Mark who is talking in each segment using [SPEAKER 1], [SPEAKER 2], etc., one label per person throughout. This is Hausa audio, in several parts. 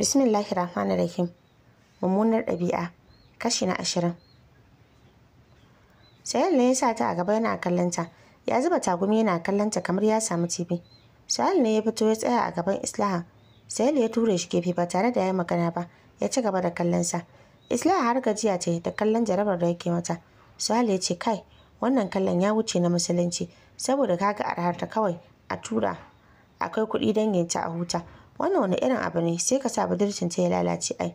[SPEAKER 1] bismillahir rahmanir rahim mummunar ɗabi'a kashi na ashirin sayar ne ya sa ta a gaba yana kallonta ya zuba tagumi yana kallonta kamar ya samu tv sayar ne ya fito ya tsaya a gaban islaha sayar ya ture shi gefe ba tare da ya magana ba ya ci gaba da kallon sa islaha har gajiya ce da kallon jarabar da yake mata sayar ya ce kai wannan kallon ya wuce na musulunci saboda kaga arhar ta kawai a tura akwai kuɗi don ta a huta wannan wani irin abu ne sai ka sa budurcin ta ya lalace ai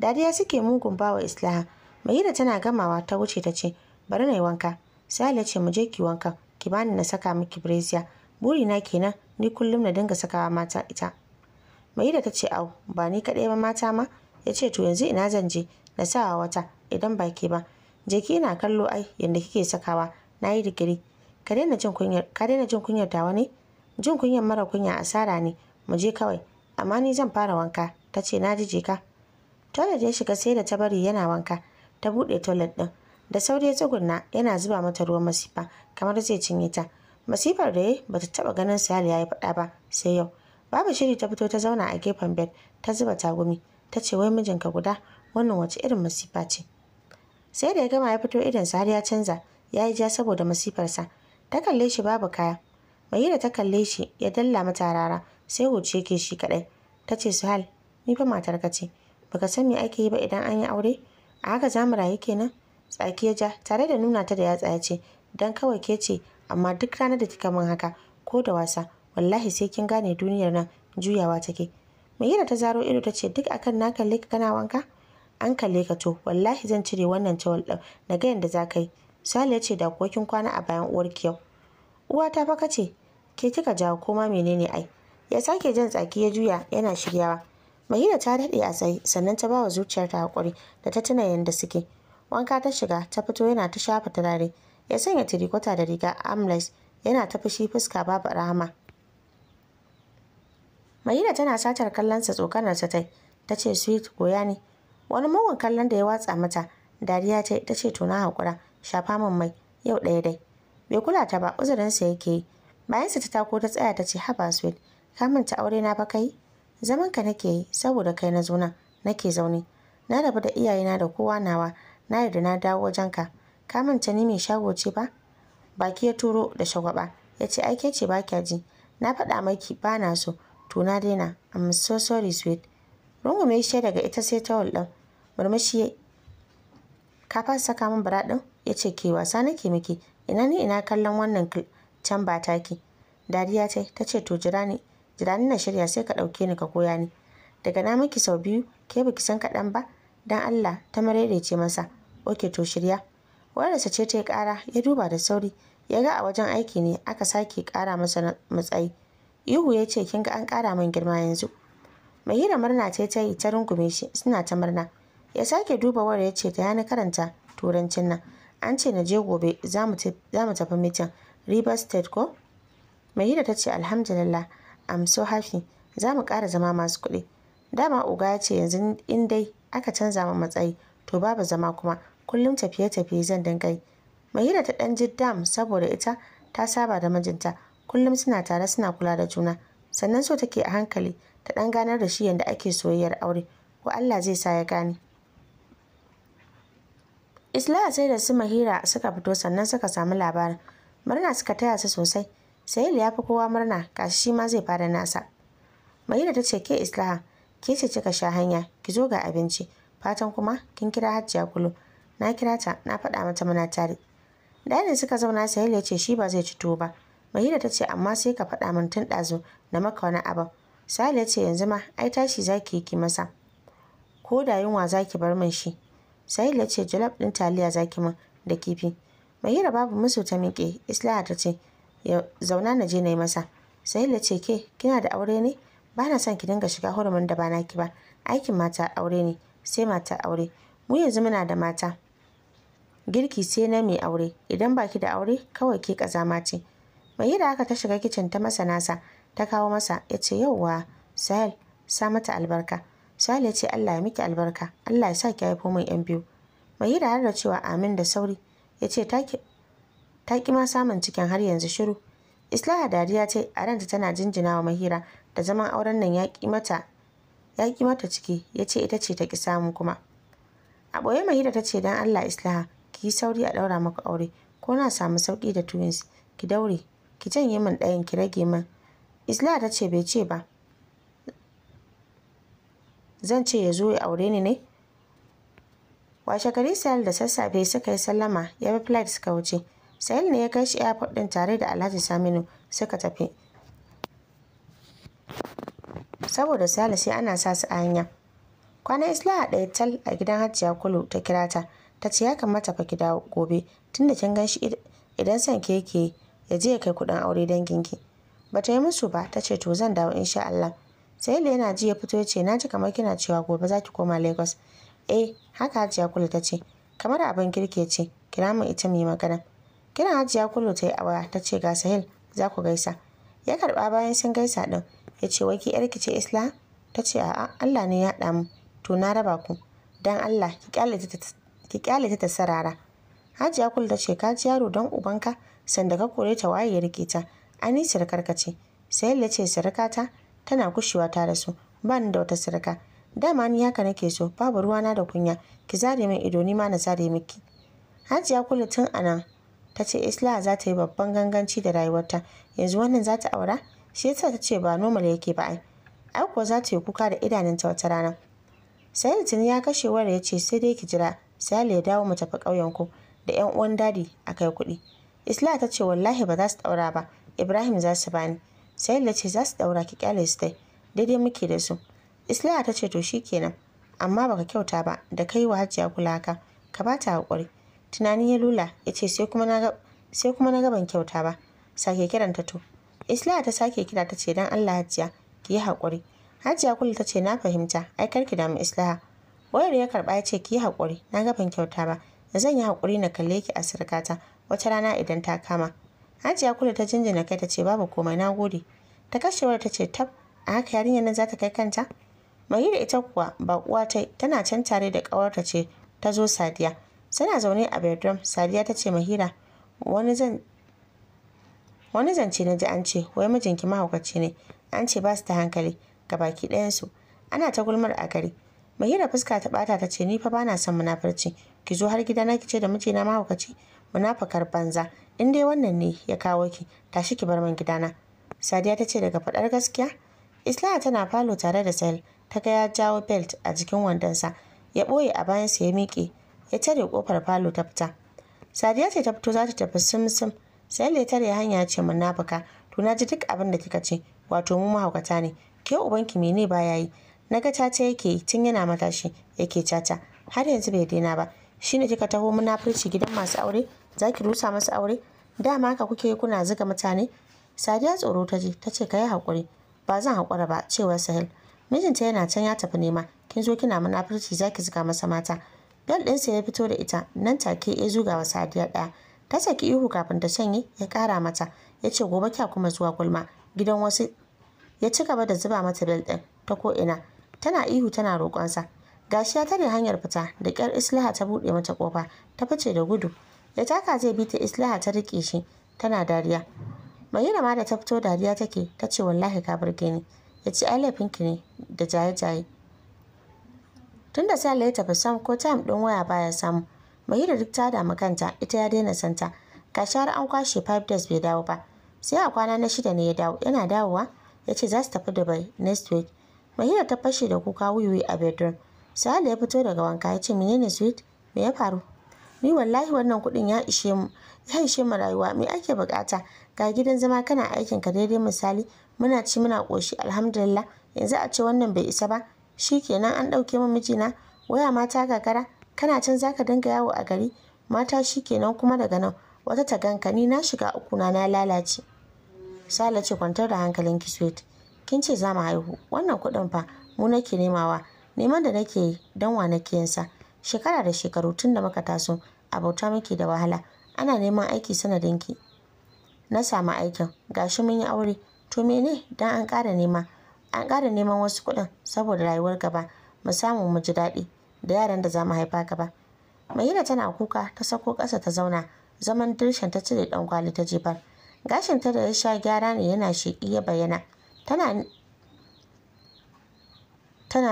[SPEAKER 1] dariya suke mugun bawa islaha mahira tana gamawa ta wuce ta ce bari na yi wanka sai ya ce mu je ki wanka ki bani na saka miki buri burina kenan ni kullum na dinga sakawa mata ita mahira ta ce au ba ni kaɗai ba mata ma ya ce to yanzu ina zan je na sawa wata idan ba ke ba jeki ina kallo ai yadda kike sakawa na yi digiri ka daina jin kunyar tawa ne jin kunyar mara kunya asara ne mu je kawai amma ni zan fara wanka ta ce na ji jika toilet ya shiga sai da ta bari yana wanka ta buɗe toilet ɗin da sauri ya tsugunna yana zuba mata ruwan masifa kamar zai cinye ta masifar da ya bata taɓa ganin sayar ya yi faɗa ba sai yau babu shiri ta fito ta zauna a gefen bed ta zuba tagumi ta ce wai mijinka guda wannan wace irin masifa ce sai da ya gama ya fito idan har ya canza ya yi ja saboda masifarsa ta kalle shi babu kaya da ta kalle shi ya dalla mata rara sai huce ke shi kadai ta ce Suhal ni fa matar ka ce baka san me ake yi ba idan an yi aure a haka za mu rayu kenan tsaki ya ja tare da nuna ta da yatsa ya ce dan kawai ke ce amma duk ranar da kika min haka ko da wasa wallahi sai kin gane duniyar nan juyawa take Maira ta zaro ido ta ce duk akan na kalle ka kana wanka an kalle ka to wallahi zan cire wannan cewal din na ga yanda za ka yi Sale ya ce da kokin kwana a bayan uwarki yau uwa ta fa ce? ke kika jawo koma menene ai ya sake jan tsaki ya juya yana shiryawa mahina ta daɗe a tsaye sannan ta bawa zuciyar ta haƙuri da ta tuna yadda suke wanka ta shiga ta fito yana ta shafa turare ya sanya tirikota da riga amles yana ta fushi fuska babu rahama mahina tana satar kallon sa tsokanar ta tai ta ce sweet goya ne wani mugun kallon da ya watsa mata dariya ta ta ce tona haƙura shafa min mai yau ɗaya dai bai kula ta ba uzurinsa yake yi bayansa ta tako ta tsaya ta ce haba sweet ka manta aure na fa kai zaman ka nake yi saboda kai na zo nan nake zaune na rabu da iyayena da kowa nawa na yarda na dawo wajen ka ka manta ni mai shago ce ba baki ya turo da shagwaba ya ce ai ce ba kya ji na faɗa maki ba na so to na daina i'm so sorry sweet rungume shi daga ita sai ta ɗin murmushi ka fa saka min bara ɗin ya ce ke wasa nake miki ina ni ina kallon wannan can ba taki dariya ce ta ce to jira ni jira na shirya sai ka ɗauke ni ka koya ni daga na miki sau biyu ke baki san kaɗan ba dan Allah ta ce masa oke to shirya wayarsa ce ta yi ƙara ya duba da sauri ya ga a wajen aiki ne aka sake kara masa matsayi ihu ya ce kin ga an ƙara min girma yanzu mai hira murna ce ta yi ta rungume shi suna ta murna ya sake duba wayar ya ce ta yana karanta turancin nan an ce na je gobe za mu tafi mitin River State ko? Mahira ta ce alhamdulillah am so happy za mu ƙara zama masu kuɗi dama uga ya ce yanzu in dai aka canza min matsayi to babu zama kuma kullum tafiye-tafiye zan dinga yi mahira ta ɗan ji dam saboda ita ta saba da mijinta kullum suna tare suna kula da juna sannan so take a hankali ta ɗan ganar da shi yadda ake soyayyar aure ko Allah zai sa ya gane Isla sai da su Mahira suka fito sannan suka samu labarin murna suka taya su sosai sayil ya fi kowa murna kashi shi ma zai fara nasa mahira ta ce ke islaha ke ce kika sha hanya ki zo ga abinci fatan kuma kin kira hajjiya kulu na kira ta na faɗa mata mana tare dani suka zauna sayil ya ce shi ba zai ci ba mahira ta ce amma sai ka faɗa min tun ɗazu na maka wani abin sahil ya ce yanzu ma ai tashi za ki yi ki masa ko da yunwa za ki bar min shi sahil ya ce jalab ɗin taliya za ki min da kifi mahira babu musu ta miƙe islaha ta ce ya zauna na je na yi masa ya ce ke kina da aure ne ba na son ki dinga shiga hurumin da ba naki ba aikin mata aure ne sai mata aure mu yanzu muna da mata girki sai na mai aure idan baki da aure kawai ke kazama ce mai da aka ta shiga kicin ta masa nasa ta kawo masa ya ce yauwa sahil sa mata albarka sahil ya ce allah ya miki albarka allah ya sa ki haifo min yan biyu mai da har da cewa amin da sauri ya ce ta ƙi ma samun cikin har yanzu shiru islaha dariya ce a ranta tana jinjina wa mahira da zaman auren nan ya ƙi mata ciki ya ce ita ce ta ƙi samu kuma a ɓoye mahira ta ce don allah islaha ki yi sauri a ɗaura maka aure ko na samu sauƙi da twins ki daure ki janye min ɗayan ki rage min islaha ta ce bai ce ba zan ce ya zo ya aure ni ne washe gari sayar da sassafe suka yi sallama ya bi flight suka wuce sahil ne ya kai shi airport din tare da alhaji saminu suka tafi saboda sale sai ana sa su a hanya kwana islaha ɗaya tal a gidan hajjiya kulu ta kira ta ta ce ya kamata fa ki dawo gobe tunda kin gan shi idan san ke yake ya je ya kai kuɗin aure danginki ba ta yi musu ba ta ce to zan dawo insha Allah sai da yana ji ya fito ya ce na ji kamar kina cewa gobe za ki koma Lagos eh haka hajjiya kulu ta ce kamar abin kirki ce kira mu ita mu yi magana kina hajiya kullu ta yi a waya ta ce ga sahil za ku gaisa ya karba bayan sun gaisa din ya ce wai ki yarki ce isla ta ce a'a allah ne ya haɗa mu to na raba ku dan allah ki kyale ta sarara hajiya kullu ta ce ka ji yaro don ubanka sanda ka kore ta waye ya rike ta ani sirkar ka ce sahil ya ce ta tana kushewa ta da su ba ni da wata sirka dama ni haka nake so babu ruwana da kunya ki zare min ido ni ma na zare miki hajiya kullu tun anan ta ce isla za ta yi babban ganganci da rayuwarta yanzu wannan za ta aura shi yasa ta ce ba normal yake ba ai ai kuwa za ta yi kuka da idanunta wata rana sai litinin ya kashe wara ya ce sai dai ki jira sai ya dawo mu tafi ƙauyen ku da yan uwan dadi a kai kuɗi isla ta ce wallahi ba za su ɗaura ba ibrahim za su bani sai ya ce za su ɗaura ki kyale su dai daidai muke da su isla ta ce to kenan. amma baka kyauta ba da kai wa hajiya kula ka ka ba ta haƙuri Tunanin ya lula ya ce sai kuma na gaban kyauta ba sake kiranta to isla ta sake kira ta ce dan allah hajiya ki yi haƙuri hajiya kulu ta ce na fahimta ai ki damu islaha wayar ya karɓa ya ce ki yi haƙuri na gaban kyauta ba zan yi haƙuri na kalle ki a sirkata wata rana idan ta kama hajiya kulu ta jinjina kai ta ce babu komai na gode ta kashe wayar ta ce tab a haka yarinyar nan za ta kai kanta mahira ita kuwa ba uwa ta tana can tare da ƙawarta ce ta zo sadiya suna zaune a bedroom sadiya ta ce mahira wani zance na ji an ce wai mijinki mahaukaci ne an ce ba su ta hankali ga baki ɗayansu ana ta gulmar a gari mahira fuska ta bata ta ce ni fa bana son munafurci ki zo har gida na ki ce da mijina mahaukaci munafakar banza in dai wannan ne ya kawo ki tashi ki bar man gidana sadiya ta ce daga faɗar gaskiya islaya tana falo tare da sahil ta ga ya jawo belt a jikin wandonsa ya ɓoye a bayansa ya miƙe ya tare kofar falo ta fita sadiya ce ta fito za ta tafi simsim sai tare hanya ce munafuka to na ji duk abin da kika ce wato mu mahaukata ne ke ubanki mene ya yi na ga caca yake tun yana matashi yake caca har yanzu bai daina ba shine kika taho munafurci gidan masu aure zaki rusa masu aure dama ka kuke kuna zuga mutane sadiya tsoro ta ji ta ce ka yi hakuri ba zan hakura ba cewa sahil mijinta yana can ya tafi nema kin zo kina munafurci zaki zuga masa mata bel ɗinsa ya fito da ita nan take ya zuga wa sadiya ɗaya ta saki ihu kafin ta shanye ya kara mata ya ce gobe kya kuma zuwa gulma gidan wasu ya ci gaba da zuba mata bel ɗin ta ko ina tana ihu tana roƙonsa gashi ya tare hanyar fita da ƙyar islaha ta buɗe mata ƙofa ta fice da gudu ya taka zai bi ta islaha ta rike shi tana dariya mai ma da ta fito dariya take ta ce wallahi ka burge ni ya ci ai laifinki ne da jaye-jaye tun da sale ya tafi sam ko time ɗin waya baya samu mahirar duk ta damu kanta ita ya daina santa shi har an kwashe five days bai dawo ba sai a kwana na shida ne ya dawo yana dawowa ya ce za su tafi dubai next week mahira ta fashe da kuka wiwi a bedroom sale ya fito daga wanka ya ce menene sweet me ya faru ni wallahi wannan kuɗin ya ishe mu ya ishe mu rayuwa me ake bukata ga gidan zama kana aikin ka daidai misali muna ci muna ƙoshi alhamdulillah yanzu a ce wannan bai isa ba shi kenan an ɗauke min mijina waya mata gagara kana can zaka dinga yawo a gari mata shikenan kuma daga nan wata ta ganka ni na shiga uku na na lalace sala ce kwantar da hankalin ki sweet kin ce za mu haihu wannan kuɗin fa mu nake nemawa neman da nake yi don wa nake shekara da shekaru tun da muka taso a bauta muke da wahala ana neman aiki sanadin ki na samu aikin gashi mun yi aure to mene dan an ƙara nema an ƙara neman wasu kuɗin saboda rayuwar gaba mu samu mu ji daɗi da yaran da za mu haifa gaba mahira tana kuka ta sako ƙasa ta zauna zaman dirshan ta cire ɗan kwali ta jefar gashin ta da ya sha gyara ne yana sheƙi ya bayyana tana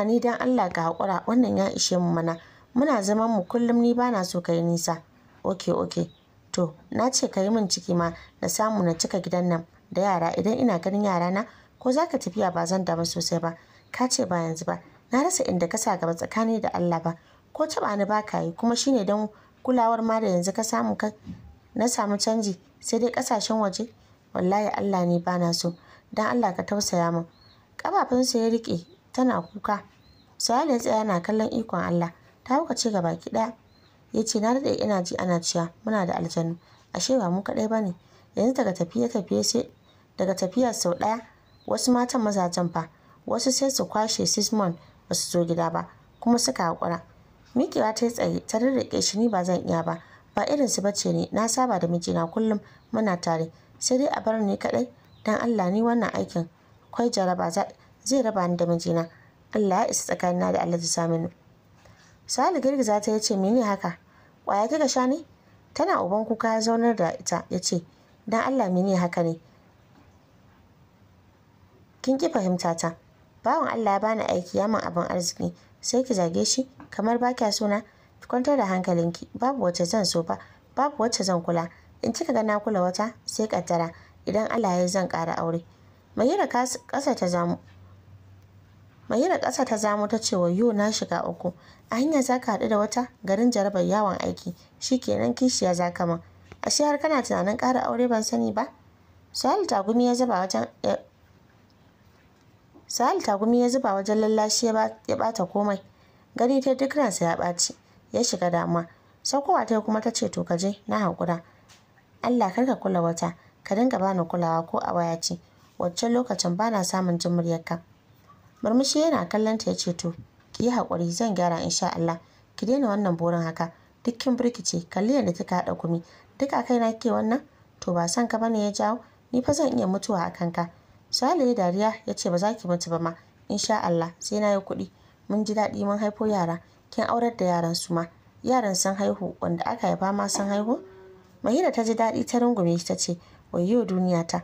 [SPEAKER 1] ni dan Allah ka haƙura wannan ya ishe mu mana muna zaman mu kullum ni bana so yi nisa oke oke to na ce ka yi min ciki ma na samu na cika gidan nan da yara idan ina ganin yara na ko za ka tafiya ba zan damu sosai ba ka ce ba yanzu ba na rasa inda ka sa gaba tsakani da Allah ba ko taba ni ba ka yi kuma shine don kulawar ma da yanzu ka samu ka na samu canji sai dai kasashen waje wallahi Allah ne ba na so don Allah ka tausaya min su ya rike tana kuka sayal ya tsaya na kallon ikon Allah ta huka ce gaba ki ɗaya yace na daɗe ina ji ana ciya muna da aljanu ashe ba mu kaɗai ba ne yanzu daga tafiya sau ɗaya wasu matan mazajen fa wasu sai su kwashe sismon ba su zo gida ba kuma suka haƙura mikewa ta yi tsaye ta rirriƙe shi ni ba zan iya ba ba irin su bace ne na saba da mijina kullum muna tare sai dai a bar ni kaɗai dan Allah ni wannan aikin kwai jaraba zai raba ni da mijina Allah ya isa tsakanina da allah sami Saminu Sali girgiza ta yace mene haka kwaya kika sha ne tana uban kuka ya zaunar da ita yace dan Allah mene haka ne kin ki fahimta ta bawan Allah ya bani aiki ya min abin arziki sai ki zage shi kamar ba kya suna ki kwantar da hankalinki babu wacce zan so ba babu wacce zan kula in kika ga na kula wata sai kaddara idan Allah ya zan ƙara aure mahira ƙasa ta zamu mahira ƙasa ta zamo ta cewa yo na shiga uku a hanya za ka haɗu da wata garin jarabar yawon aiki shi kenan kishiya za ka ashe har kana tunanin ƙara aure ban sani ba sahal gumi ya zaba wajen eh, sa'al takumi ya zuba wajen lallashi ya bata komai gani ta duk ransa ya ɓaci ya shiga damuwa saukowa ta kuma ta ce to kaje na haƙura allah kar ka kula wata ka dinga bani kulawa ko a waya ce waccan lokacin bana samun jin muryarka murmushi yana kallon ta ya ce to ki yi haƙuri zan gyara insha allah ki daina wannan burin haka dukkin birkice kalli yadda kika haɗa kumi duk a na ke wannan to ba san ka bane ya jawo ni fa zan iya mutuwa a kanka Sale ya dariya ya ce ba za ki mutu ba ma insha Allah sai na yi kuɗi mun ji daɗi mun haifo yara kin aurar da yaran su ma yaran sun haihu wanda aka yaba ma sun haihu Mahira ta ji daɗi ta rungume ta ce wayo duniya ta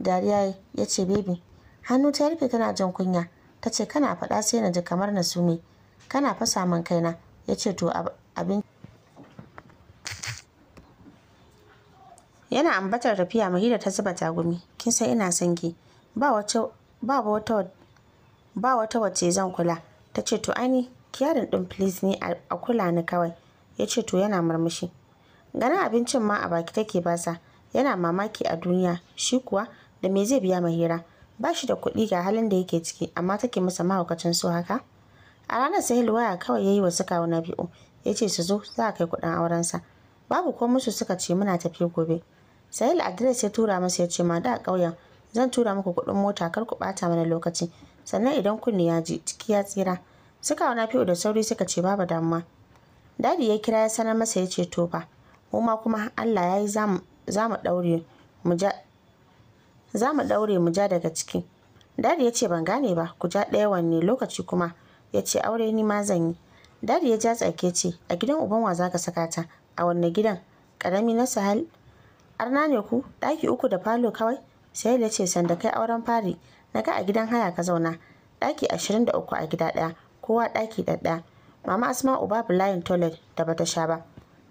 [SPEAKER 1] dariya ya ce bebi hannu ta rufe tana jin kunya ta ce kana faɗa sai na ji kamar na sume kana fasa man kaina ya ce to abin yana ambatar tafiya mahira ta zuba tagumi kin san ina son ki ba wata wace zan kula ta ce to ani kiyarin ɗin filis ne a kula ni kawai ya ce to yana murmushi ganin abincin ma a baki take basa yana mamaki a duniya shi kuwa da me zai biya mai hira ba shi da kuɗi ga halin da yake ciki amma take masa mahaukacin so haka a ranar sai waya kawai ya yi wa su kawo na biyu ya ce su zo za a kai kuɗin aurensa babu ko musu suka ce muna tafi gobe sahil adres ya tura masa ya ce ma da ƙauyen zan tura muku kuɗin mota kar ku ɓata mana lokaci sannan idan kunni ya ji ciki ya tsira suka wa fi'u da sauri suka ce babu damuwa dadi ya kira ya sanar masa ya ce to fa mu ma kuma Allah ya yi za mu ɗaure mu ja za mu mu ja daga ciki dadi ya ce ban gane ba ku ja ɗaya wanne lokaci kuma ya ce aure ni ma zan yi dadi ya ja tsake ce a gidan uban wa za ka saka ta a wanne gidan ƙarami na sahal arna ne ku ɗaki uku da falo kawai sai da ce sanda kai auren fari na ga a gidan haya ka zauna ɗaki uku a gida ɗaya kowa ɗaki ɗaɗɗaya mama asma'u babu layin toilet da bata sha ba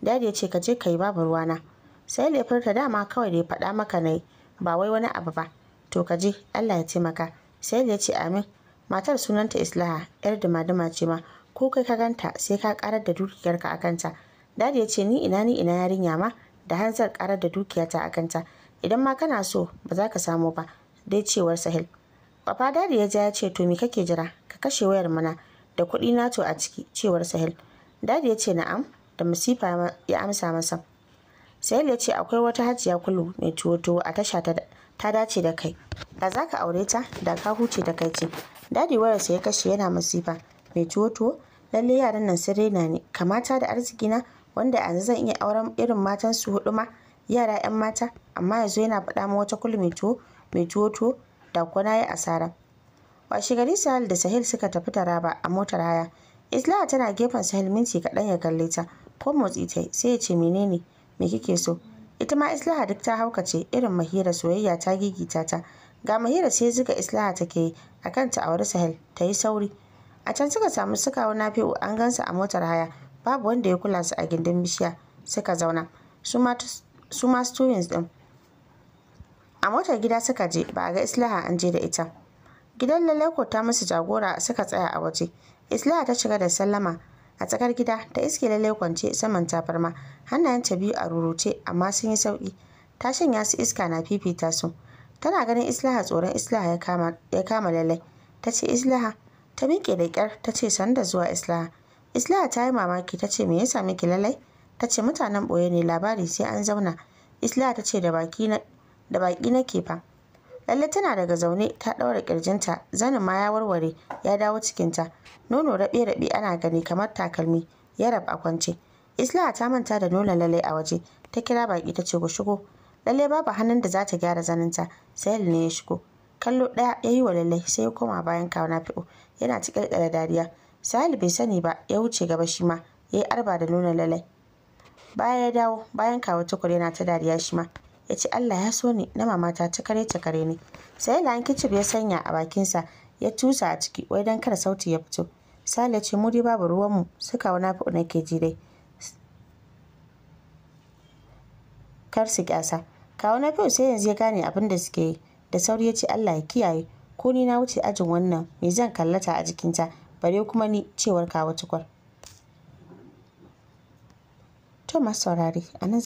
[SPEAKER 1] dadi ya ce ka je kai babu ruwana sai da furta dama kawai da ya faɗa maka nayi ba wai wani abu ba to ka je Allah ya taimaka sai ya ce amin matar sunanta islaha yar dumaduma ce ma ko kai ka ganta sai ka karar da dukiyarka a kanta dadi ya ce ni ina ni ina yarinya ma da hanzar karar da dukiyata a kanta idan ma kana so ba za ka samu ba dai cewar sahil Papa dadi ya ja ya ce to me kake jira ka kashe wayar mana da kuɗi na to a ciki cewar sahil dadi ya ce na'am da masifa ya amsa masa sahil ya ce akwai wata hajiya kulu mai tuwo tuwo a tasha ta dace da kai da za ka aure ta da ka huce da kai ce dadi wayarsa ya kashe yana masifa mai tuwo tuwo lalle yaran nan sun na ne kamata da arziki na wanda yanzu zan iya auren irin matan su hudu ma yara 'yan mata amma yanzu yana faɗa ma wata kulu mai tuwo tuwo da kwana ya asara washe gari sahil da sahil suka tafi taraba a motar haya islaha tana gefen sahil minti kaɗan ya kalle ta ko motsi ta sai ya ce menene me kike so ita ma islaha duk ta haukace irin mahira soyayya ta gigita ta ga mahira sai zuga islaha take yi a akan ta auri sahil ta yi sauri a can suka samu sukawa nafi'u an gansa a motar haya babu wanda ya kula su a gindin bishiya suka zauna su ma su ma students din a motar gida suka je ba a ga islaha an je da ita gidan lalako ta musu jagora suka tsaya a waje islaha ta shiga da sallama a tsakar gida ta iske lallai kwance saman tafarma hannayen ta biyu a ruruce amma sun yi sauki ta shanya su iska na fifita su tana ganin islaha tsoron islaha ya kama lalai ta ce islaha ta miƙe da ƙyar ta ce sanda zuwa islaha islaha ta yi mamaki ta ce me ya sami ki lallai ta ce mutanen boye ne labari sai an zauna isla ta ce da baki nake fa lalle tana daga zaune ta ɗaura ƙirjinta zanin ma ya warware ya dawo cikinta nono raɓe-raɓe ana gani kamar takalmi ya rab a kwance isla ta manta da nuna lalle a waje ta kira baki ta ce ku shigo lalle babu hannun da za ta gyara zaninta sai ne ya shigo kallo ɗaya ya yi wa lalle sai ya koma bayan kawana fi'o yana ta ƙirƙira dariya sayil bai sani ba ya wuce gaba shi ma ya yi arba da nuna lalle baya ya dawo bayan kawo tukure na ta dariya shi ma ya ce allah ya so ni na mamata ta kare ta kare ni sai lankicif ya sanya a bakinsa ya tusa a ciki wai dan kada sauti ya fito sale ce mu dai babu ruwanmu suka wani fi ke ji dai kar su kyasa kawo na fiye sai yanzu ya gane abin da suke yi da sauri ya ce allah ya kiyaye ko ni na wuce ajin wannan me zan kallata a jikinta bare kuma ni cewar kawo tukwar To masu saurare a nan